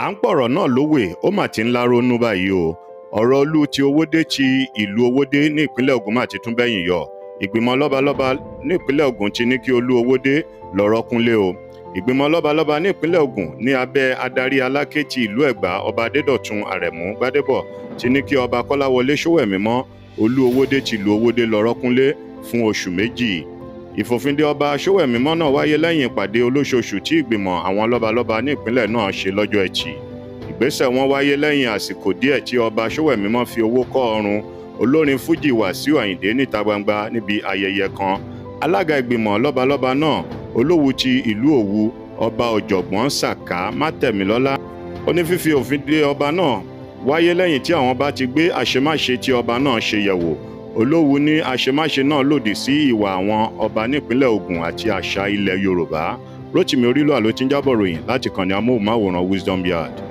à ń pọ̀rọ̀ náà lówè ó mà ti ń láronú báyìí o ọ̀rọ̀ olú ti owódé ti ìlú owódé ní ìpínlẹ̀ Ògùn mà ti tún bẹ́yìn yọ ìgbìmọ̀ lọ́balọ́ba ní ìpínlẹ̀ Ògùn ti ní kí olú owódé lọ́rọ́ kúnlé o ìgbìmọ̀ lọ́balọ́ba ní ìpínlẹ̀ Ògùn ní abẹ́ adarí aláké ti ìlú Ẹ̀gbá ọba Adédọ̀tun Àrẹ̀mú Gbádébọ̀ ti ní kí ọba Kọ́láwọlé Ṣówẹ̀mí mọ́ olú owódé ti ìlú owódé lọ́rọ́ kúnlé fún oṣù méjì ìfòfindè ọba Ṣówẹ̀mímọ́ náà wáyé lẹ́yìn ìpàdé olóṣooṣù tí ìgbìmọ̀ àwọn lọ́balọ́ba ní ìpínlẹ̀ náà ṣe lọ́jọ́ ẹtì ìgbésẹ̀ wọn wáyé lẹ́yìn àsìkò díẹ̀ tí ọba Ṣówẹ̀mímọ́ fi owó kọ́ ọrùn olórin fújì Wàsíù Àyìndé níta gbangba níbi ayẹyẹ kan alága ìgbìmọ̀ lọ́balọ́ba náà olówù ti ìlú Òwu ọba ọ̀jọ̀gbọ́n Sàká Mátẹ̀mílọ́lá ó ní fífi òfin dè ọba náà wáyé lẹ́yìn tí àwọn bá ti gbé àṣemáṣe tí ọba náà ṣe yẹ̀wò olówu ní àṣemáṣe náà lòdì sí ìwà àwọn ọba nípínlẹ̀ Ògùn àti àṣà ilẹ̀ Yorùbá Rótìmí Orílọ̀ àló tí ń jábọ̀ ròyìn láti kàn ní amóhùnmáwòrán Wisdom Yard.